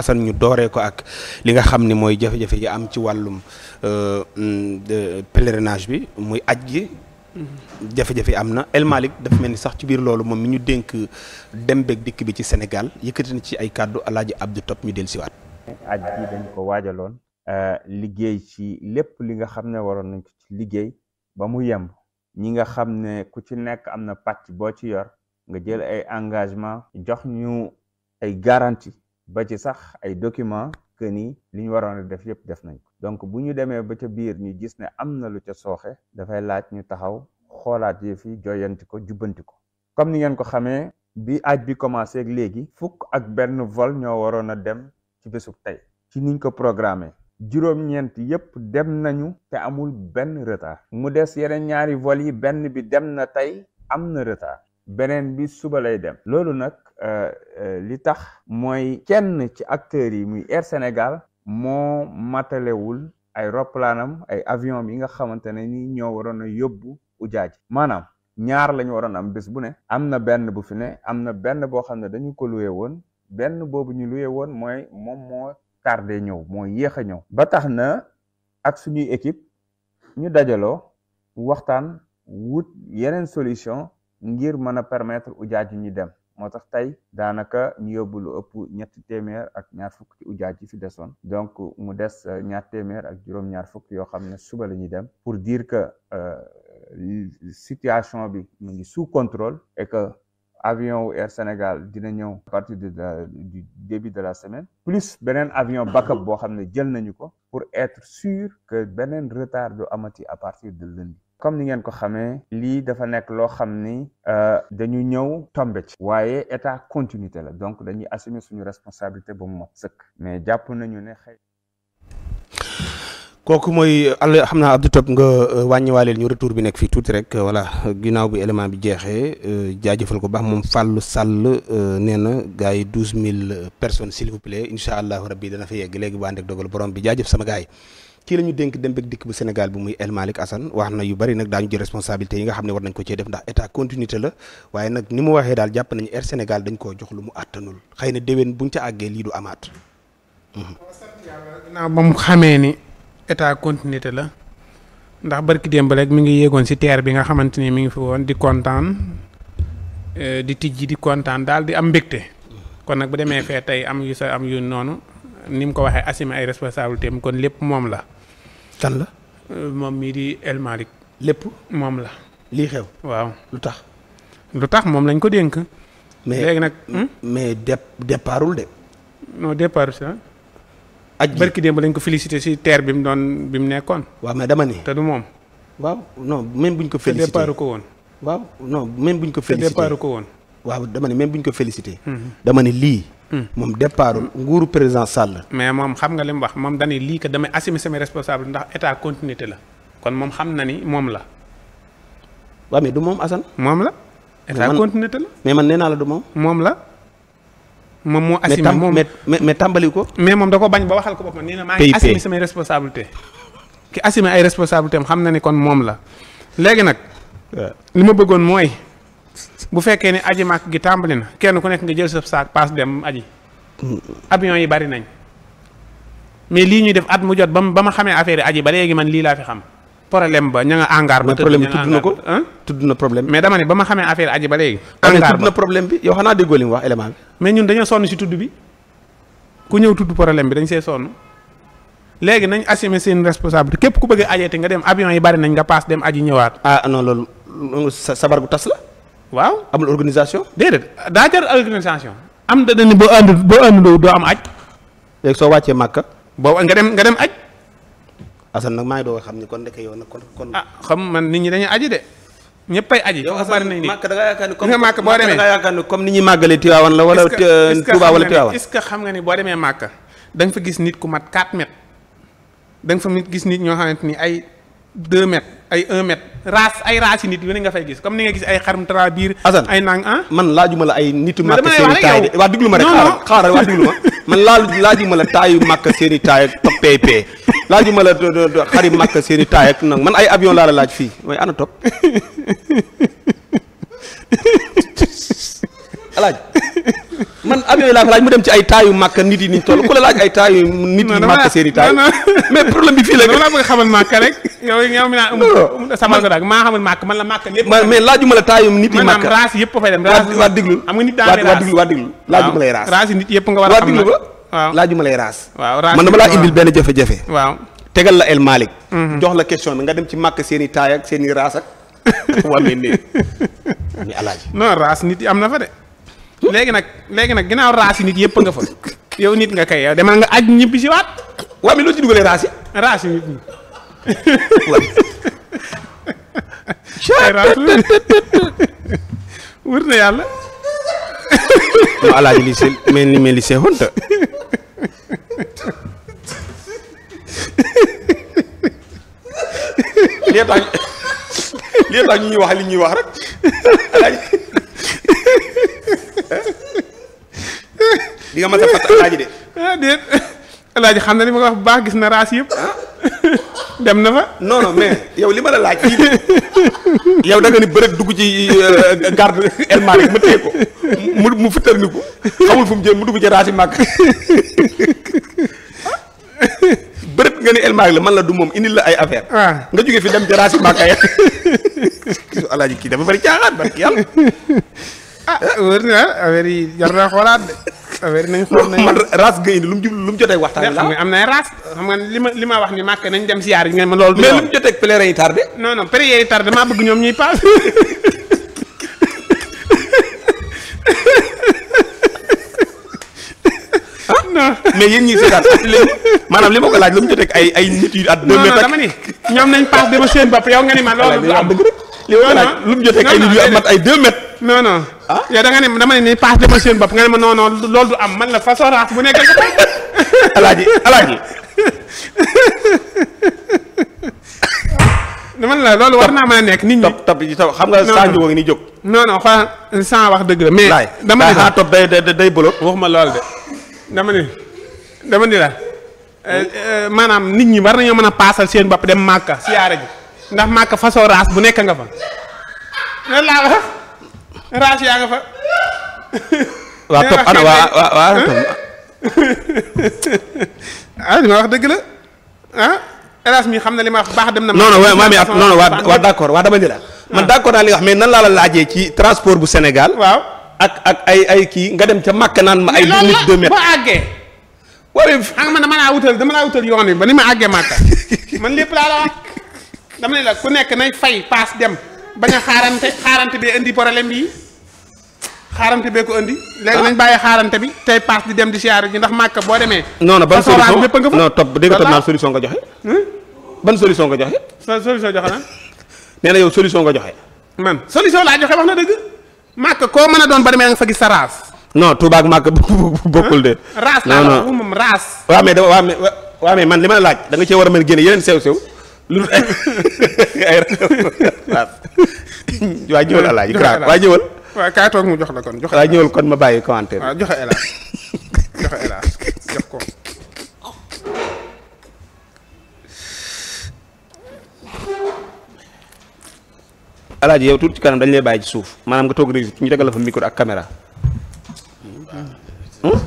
asan ñu dooree ko ak li nga xam ni mooy jafe-jafe yi am ci wàllum euh, euh, pèlerinage bi muy aj gi jafe-jafe am na El dafa mel ni sax ci biir loolu moom mi ñu dénk dem beeg dikk bi ci Sénégal yëkkati na ci ay kàddu alaaji Abdou Top ñu del siwaat aj gi dañ ko waajaloon euh, liggéey ci lépp li nga xam ne waroon nañ ko ci liggéey ba mu yemb ñi nga xam ne ku ci nekk am na pàcc boo ci yor nga jël ay engagement jox ñu ay garanti ba ci sax ay document que ni li ñu waroon a def yëpp def nañ ko donc bu ñu demee ba ca biir ñu gis ne am na lu ca sooxe dafay laaj ñu taxaw xoolaat yi fi joyanti ko jubbanti ko comme ni ngeen ko xamee bi aaj bi commencé ak léegi fukk ak benn vol ñoo waroon a dem ci bésub tey ci niñ ko programmé juróom-ñeent yépp dem nañu te amul benn retard mu des yeneen ñaari vol yi benn bi dem na tey am na retard beneen bi suba lay dem loolu nag euh, euh, li tax mooy kenn ci acteurs yi muy Air Sénégal moo matalewul ay roplaanam ay avion yi nga xamante ne ni ñoo waroon a yóbbu ujaaji maanaam ñaar la ñu waroon am bés bu ne am na benn bu fi ne am na benn boo xam ne dañu ko luye woon benn boobu ñu luye woon mooy moom moo tardé ñëw moo yéex a ñëw ba tax na ak suñuy équipe ñu dajaloo waxtaan wut yeneen solution ngir mën a permettre ujaaj yi ñu dem moo tax tey daanaka ñu yóbbu lu ëpp ñetti téeméer ak ñaar fukk ci ujaaj yi fi desoon donc mu des euh, ñaar téeméer ak juróom-ñaar fukk yoo xam ne suba la ñuy dem pour dire que euh, situation bi mu ngi sous contrôle et que avion wu Air Sénégal dina ñëw à partir de du début de la semaine plus beneen avion backup boo xam ne jël nañu ko pour être sûr que beneen retard du amati à partir de lundi comme ni ngeen ko xamee lii dafa nekk loo xam ni euh, dañu ñëw tombe ci waaye état continuité la donc dañuy assumer suñu responsabilité ba mu mot sëkk mais jàpp nañu ne xëy kooku mooy àll xam naa Abdou Top nga euh, wàññiwaaleel ñu retour bi nekk fii tuuti rek voilà ginnaaw bi élément bi jeexee euh, jaajëfal ko baax moom Fallou Sall nee na gars yi douze mille personnes s'il vous plaît incha allahu rabbi dana fa yegg léegi bu ànd ak dogal borom bi jaajëf sama gars yi kii la ñu dénk dem bég dikk bu Sénégal bi muy El Malick Assane wax na yu bari nag daañu jël responsabilité yi nga xam ne war nañ ko cee def ndax état continuité la waaye nag ni mu waxee daal jàpp nañu Air Sénégal dañ koo jox lu mu àttanul xëy na déwén buñ ca àggee lii du amaat. Mhm. ginnaaw ba mu xamee ni état continuité la ndax barki démb rek mi ngi yéegoon ci terre bi nga xamante ni mi ngi fi woon di kontaan eh, di tijji di kontaan daal di am mbégte mhm. kon nag bu demee tey am yu sa am yu noonu. ni mu ko waxee assumer ay responsabilité am kon lépp moom la. kan la. Euh, moom mii di El Malick. lépp moom la. lii xew. waaw lu tax. lu tax moom lañ ko dénk. mais léegi nag. Hmm? mais de départul de. non départul si ah. aj bi barki démb lañ ko félicité si terre bi mu doon bi mu nekkoon. waaw mais dama ni. te du moom. waaw non même buñ ko. félicité te départ ko woon. waaw non même buñ ko. félicité ko woon. waaw dama ni même buñ ko félicité. Hmm. dama ni lii. moom départul nguuru président Sall. mais moom xam nga li mu wax moom dañuy lii que damay assumer sama responsable ndax état continuité la kon moom xam na ni moom la. waaw mais du moom Assane. moom la. état mais man nee naa la du moom. moom la. moom moo assumer moom mais mais tàmbali ko. mais moom da ko bañ ba waxal ko boppam nee na maa ngi assumer samay responsabilité ki assumer ay responsabilités xam na ni kon moom la léegi nag. li ma bëggoon mooy. bu fekkee ne aji màkk gi tàmbali na kenn ku nekk nga jël sa saak paas dem aji avion yi bari nañ mais lii ñuy def at mu jot ba ba ma xamee affaire yi aji ba léegi man lii laa fi xam ba ña nga angaar na ko tudd na problème mais dama ne ba ma xamee affaire aji ba léegi ah, angaar tudd na problème bi yow xanaa déggoo ñun dañoo sonn si tudd bi ku ñëw tudd problème bi dañ see sonn léegi nañ assumer seen responsabilité képp ku bëgg a ajeete nga dem avion yi bari nañ nga paas dem aji ñëwaat ah non loolu sabar gu tas la waaw amul organisation. déedéet daa jar organisation. am da ni boo ànd boo àndandoo doo am aj. léegi soo wàccee boo boobu nga dem nga dem aj. Assane nag maa ngi doon xam ni kon ndeke yow nag kon kon. Ah, xam man nit ñi dañuy aji de. ñëppay aji bari ni màkk da nga yaakaar ni comme nga màkk boo demee da nga ni comme ni ñuy màggalee Tiwaawan la wala Tuubaa wala Tiwaawan est-ce xam nga ni boo demee màkk da nga fa gis nit ku mat 4 mètres da nga fa gis nit ñoo xamante ni ay deux mètres ay un mètre race ay race nit yu ne nga fay gis comme ni nga gis ay xarum tara biir. Assane nang ah? man laajuma la ay nitu màkk seeni taay de waa déglu ma rek xaaral xaaral waa déglu ma man laaju laajuma la taayu màkk seeni taay ak topp pay laajuma la xari màkk seeni taay ak nag man ay avion laa la laaj fii mooy ana topp alaaj man avion yi laa ko laaj mu dem ci ay taayu màkk nit yi nit yi màkk seen i taay mais problème bi fii la. dama la bëgg xamal màkk rek. yow la màkk lépp. mais laajuma la taayu nit yi màkk maanaam race a xam la El Malick. Mhm. nga dem i taay ak seen i race ak. waa mais mais alaaji non race nit yi am na fa de léegi nag léegi nag ginnaaw raas yi nit yëpp nga fa yow nit nga kay yow demal nga aj ñibbi si waat. waa mais loo ci dugalee raas yi. raas yi na yàlla. waaw alaaji li see mel ni mel ni see honte. li tax ñu ñuy wax li ñuy wax rek. di nga mën a fàtt alaaji de. ah xam na li ma ko wax bu baax gis na raas yëpp. Ah. dem na fa. non mais yow li ma la laaj fii de yow da nga ni bërëg dugg ci euh, garde El Malick ma téye ko mu mu fëttal ko xamul fu mu dugg ci raas yi màgg. bërëb nga ni El la man la du moom indil la ay affaire ah. nga jóge fi dem ci raasi maag ay gisu alaaji kii dafa bari caaxaan barki yàlla ah wër na affaire yi jar naa xoolaat de affaire nañ xool nañ man race nga indi lu mu am na race xam nga li ma li ma wax ni màkk nañ dem siyaar yi nga ma loolu mais lu mu jotee ak pèlerin yi tardé non non pèlerin yi tardé maa bëgg ah. li ma ko laaj lu mu jotee ay nit yu at non non dama ñoom nañ paas dama seen bopp yow nga ni ma loolu du am dëgg li ma ko laaj lu mu jotee ay nit yu at mat ay deux mètres non ah yow da nga ne dama ne nii paas demal seen bopp nga ne ma non loolu du am man la façon raas bu nekk nga alaaji alaaji man la loolu war naa mën a nekk nit xam nga saa jóg ngi jóg. non non wax dëgg la. mais dama ne la top euh, day euh, maanaam nit ñi war nañoo mën a paasal seen bopp dem màkka siyaare ji ndax bu nekk nga fa. loolu laa raas yaa nga fa. waa topp ana waa waa ah li ah, xam na li ma wax baax na. non non waa waa d' waa dama ni la. man ah. d' naa li nga wax mais nan laa la laajee ci transport bu Sénégal. waaw ak ak ay kii nga dem ca Màkka naan ma ay. nit deux ba àggee. wala xam nga dama laa wutal dama laa wutal yoon wi ba ni ma àggee Màkka man lépp laa la wax dama ne la ku nekk nay fay paas dem bañ a xaarante xaarante bi indi problème bi xaarante bee ko andi. léegi nañ bàyyi xaarante bi tey paas di dem di siyaare ji ndax màkka boo demee. non non ban solution lépp nga fa non topp dégg nga topp naan solution nga joxe. Hmm? ban solution nga joxe. solution joxe na. nee na yow solution nga joxe. man solution laa joxe wax na dëgg. màkk koo mën a doon ba demee nga fa gis sa raas. non Touba ak màkk bokkul de. raas laa wax moom raas. waaw mais dama waaw man li ma la laaj danga nga cee war a mën génne yeneen sew sew. lu ay ay raas waaw waaw kaay mu jox la kon joxe. waaw ñëwal ko. El Hadj yow tuuti ci kanam dañ lay bàyyi ci suuf maanaam nga toog réew ñu tegal la fa micro ak caméra. Hmm?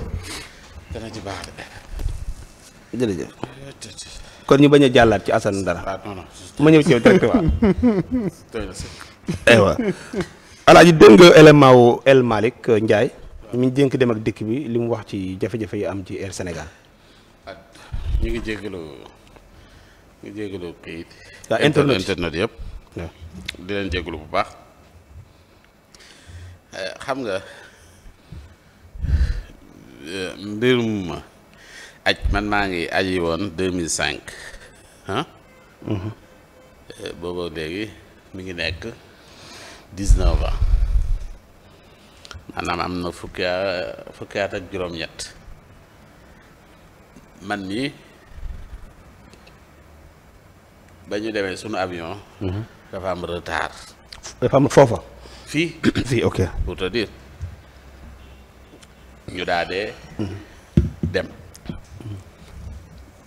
kon ñu bañ a jàllaat ci Assane dara. ma ñëw ci yow directement. aywa. alaaji dégg nga élément wu El Malick Ndiaye mi dénk dem ak dikk bi li mu wax ci jafe-jafe yi am ci Air Sénégal. ñu ngi jégalu ñu ngi jégalu kayit. internet bu baax. Eh, xam nga eh, mbirum aj man maa ngi aji woon 2005 ah. boobu léegi mu ngi nekk. dix-neuf am na fukki fukki at ak juróom-ñett man mii ba ñu demee sunu avion. Mhm. dafa am retard. dafa am foofa. fii fii ok. pour te dire ñu daa dee. Mhm. dem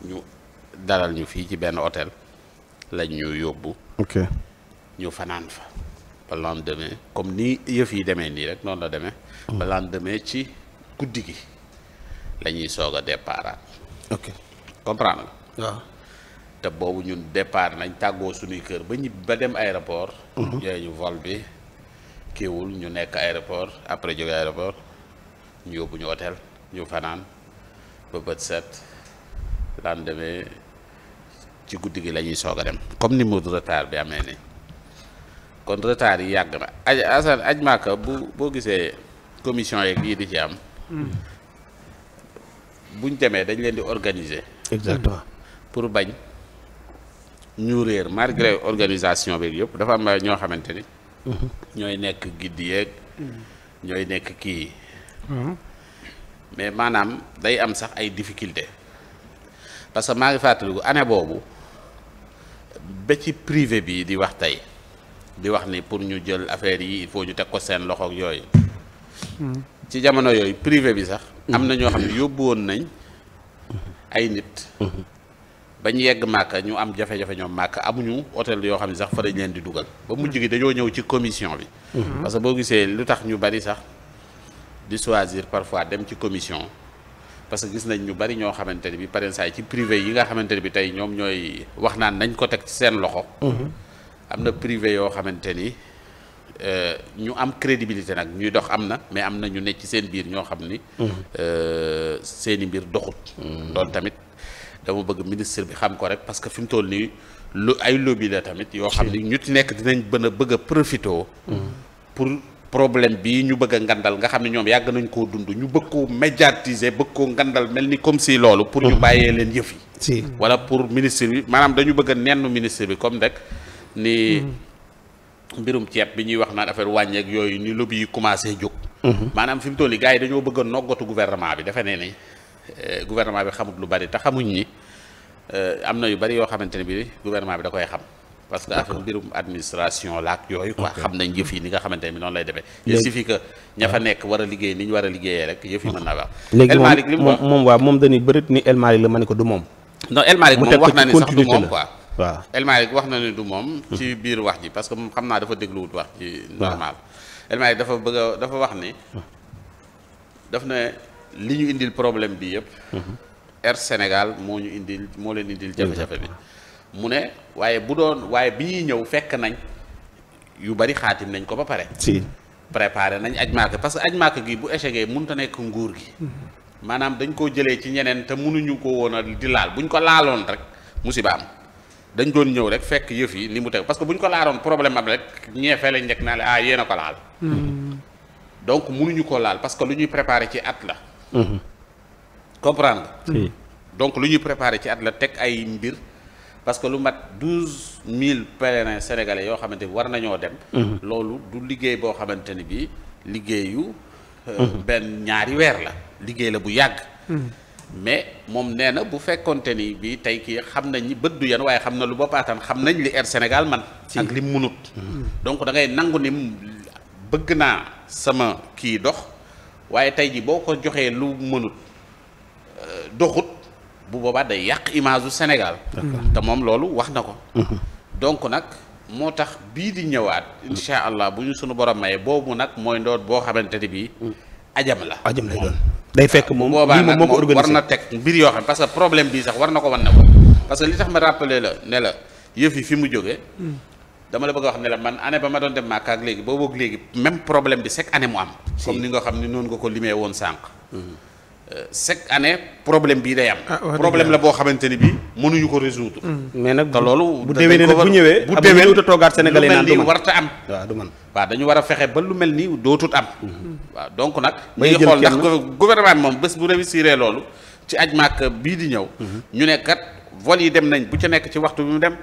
ñu dalal ñu fii ci benn hôtel lañ ñu yóbbu. ok ñu fanaan fa. ba lendemain comme nii yëf yi demee nii rek noonu la demee. ba lendemain ci guddi gi la soog a départ. te boobu ñun départ nañ tàggoo suñuy kër ba ñibbi ba dem aéroport. Mhm. yooyu ñu vol bi kiiwul ñu nekk aéroport après jóge ñu yóbbu ñu ñu fanaan ba bët set ci guddi gi la ñuy soog a dem comme ni mu retard bi amee nii. kon retard yi yàgg na aj asan aj màkka bu boo gisee commission yeeg yii di ci am buñ demee dañ leen di organiser exactement pour bañ ñu réer malgré organisation bi yëpp dafa am ñoo xamante ni ñooy nekk giddi yeeg ñooy nekk kii mhm. mais maanaam day am sax ay difficulté parce que maa ngi fàttaliku année boobu ba ci privé bi di wax tey di wax ni pour ñu jël affaire yi foo ñu teg ko seen loxoog yooyu. Hmm. ci jamono yooyu privé bi sax. Hmm. am na ñoo xam ne yóbbu woon nañ ay nit. Hmm. bañ yegg màkk ñu am jafe-jafe ñoom màkk amuñu hôtel yoo xam ne sax fa dañ leen di dugal. ba mujj gi dañoo ñëw ci commission bi. parce que boo gisee lu tax ñu bari sax di choisir parfois dem ci commission. parce que gis nañ ñu bari ñoo xamante ne bi par exemple ci privé yi nga xamante ne bi tey ñoom ñooy wax naan nañ ko teg ci seen loxo. am na privé yoo xamante ni euh, ñu am crédibilité nag ñuy dox am na mais am na ñu nekk ci seen biir ñoo xam ni. Mm-hmm. Euh, seeni mbir doxut. Mm-hmm. loolu tamit dama bëgg ministre bi xam ko rek parce que fi mu toll nii lu ay lobby la tamit yoo xam ni ñu ci nekk dinañ bën a bëgg a mm-hmm. pour problème bi ñu bëgg a ngandal nga xam ne ñoom yàgg nañ koo dund ñu bëgg koo médiatiser bëgg koo ngandal mel ni comme si loolu. pour ñu bàyyee leen yëf yi. si wala pour ministre bi maanaam dañu bëgg nenn ministre bi comme rek. ni mm-hmm. mbirum ceeb bi ñuy wax naan affaire wàññeek yooyu ni lobby yi commencé jóg. Mm-hmm. maanaam fi mu toll yi gaa yi dañoo bëgg a noggatu gouvernement bi defe ne ni eh, gouvernement bi xamut lu bari te xamuñ ni eh, am na yu bari yoo xamante ne bi gouvernement bi da koy xam. parce que affaire mbirum administration laak yooyu quoi xam nañ yëf yi ni nga xamante ne bi noonu lay demee. il suffit ña fa nekk war a liggéey ni ñu war a liggéeyee rek yëf yi mën naa wax. léegi moom moom waaw moom dañuy bëri ni El la ma ne ko du moom. non El Malick moom wax waaw El Malick wax na ne du moom. ci biir wax ji parce que moom xam naa dafa dégluwut wax ji. normal El Malick dafa bëgg dafa wax ni. daf ne li ñu indil problème bi yëpp. Mhm. Air Sénégal moo ñu indil moo leen indil jafe-jafe bi mu ne waaye bu doon waaye bi ñuy ñëw fekk nañ yu bari xaatim nañ ko ba pare si préparé nañ aj maaka parce que aj maaka gi bu échecgee mënut a nekk nguur gi mhm. maanaam dañ koo jëlee ci ñeneen te mënuñu ko woon di laal buñ ko laaloon rek musiba am dañ doon ñëw rek fekk yëf yi ni mu teg parce que bu ñu ko laaloon problème am rek ñeefee lañ njëkk naa la ah yéen a ko laal. Hmm. donc mënuñu ko laal parce que lu ñuy préparé ci at la. Hmm. comprendre donc lu ñuy préparé ci at la teg ay mbir parce que lu mat douze mille pèlerins sénégalais yoo xamante ni war nañoo dem. Hmm. loolu du liggéey boo xamante ni bii liggéeyu. Euh, benn ñaari weer la liggéey la bu yàgg. mais moom nee na bu fekkonte ni bi tey kii xam nañ ni bët du yan waaye xam na lu boppaataan xam nañ li Air Sénégal man ak li munut mm-hmm. Mm-hmm. donc da ngay nangu ni bëgg naa sama kii dox waaye tey ji boo ko joxee lu mënut euh, doxut bu boobaa day yàq image du Sénégal te moom loolu wax na ko mm-hmm. donc nag moo tax bii di ñëwaat insha allah bu ñu sunu borom mayee boobu nag mooy ndoot boo xamante ni bii mm. ajam la ajam lay doon day fekk moom lii moom moo ko organisé war na teg mbir yoo xam parce que problème bi sax war na ko wan ne ko parce que li tax ma rappelé la ne la yëf yi fi mu jógee. dama la bëgg a xam ne man année ba ma doon dem Màkka ak léegi boo boog léegi même problème bi chaque année mu am. comme ni nga xam ne noonu nga ko limee woon sànq. Mhm. chaque euh, année problème bii day am. Ah, problème la boo xamante ni bii mënuñu ko résoudre. Mm. mais nag te loolu. bu déwénee nag bu ñëwee bu déwénee lu toogaat sénégalais naan du man warta am. waaw du man waaw dañu war a fexe ba lu mel nii dootut am. Mm. waaw donc nag. ñu ngi xool ndax gouvernement bi moom bés bu réussiree loolu ci aj maak bii di ñëw. Mm-hmm. ñu nekkat kat vol yi dem nañ bu ca nekk ci waxtu bi mu dem.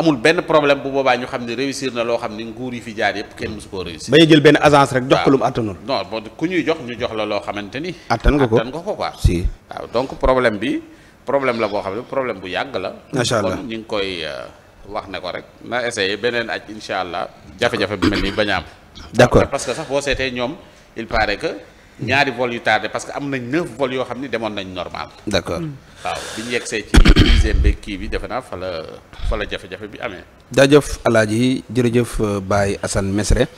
amul benn problème bu boobaa ñu xam ne réussir na loo xam ni nguur yi fi jaar yëpp kenn mosu koo réussir. bañ a jël benn agence rek jox ko lu mu attanul. non ku ñuy jox ñu jox la loo xamante ni. attan nga ko attan nga ko quoi. si waaw donc problème bi problème la boo xam ne problème bu yàgg la. macha allah ñu ngi koy euh, wax ne ko rek na essayé beneen aj incha allah jafe-jafe bi mel nii bañ a am. que sax boo seetee ñoom il paraît que ñaari vol yu tardé parce que am nañ neuf vol yoo xam ne demoon nañ normal. d'accord. Mm. waaw bi ñu yegsee ci dixième bi kii bi defe naa fa la fa la jafe-jafe bi amee. jaajëf yi jërëjëf Baye Assane Mesre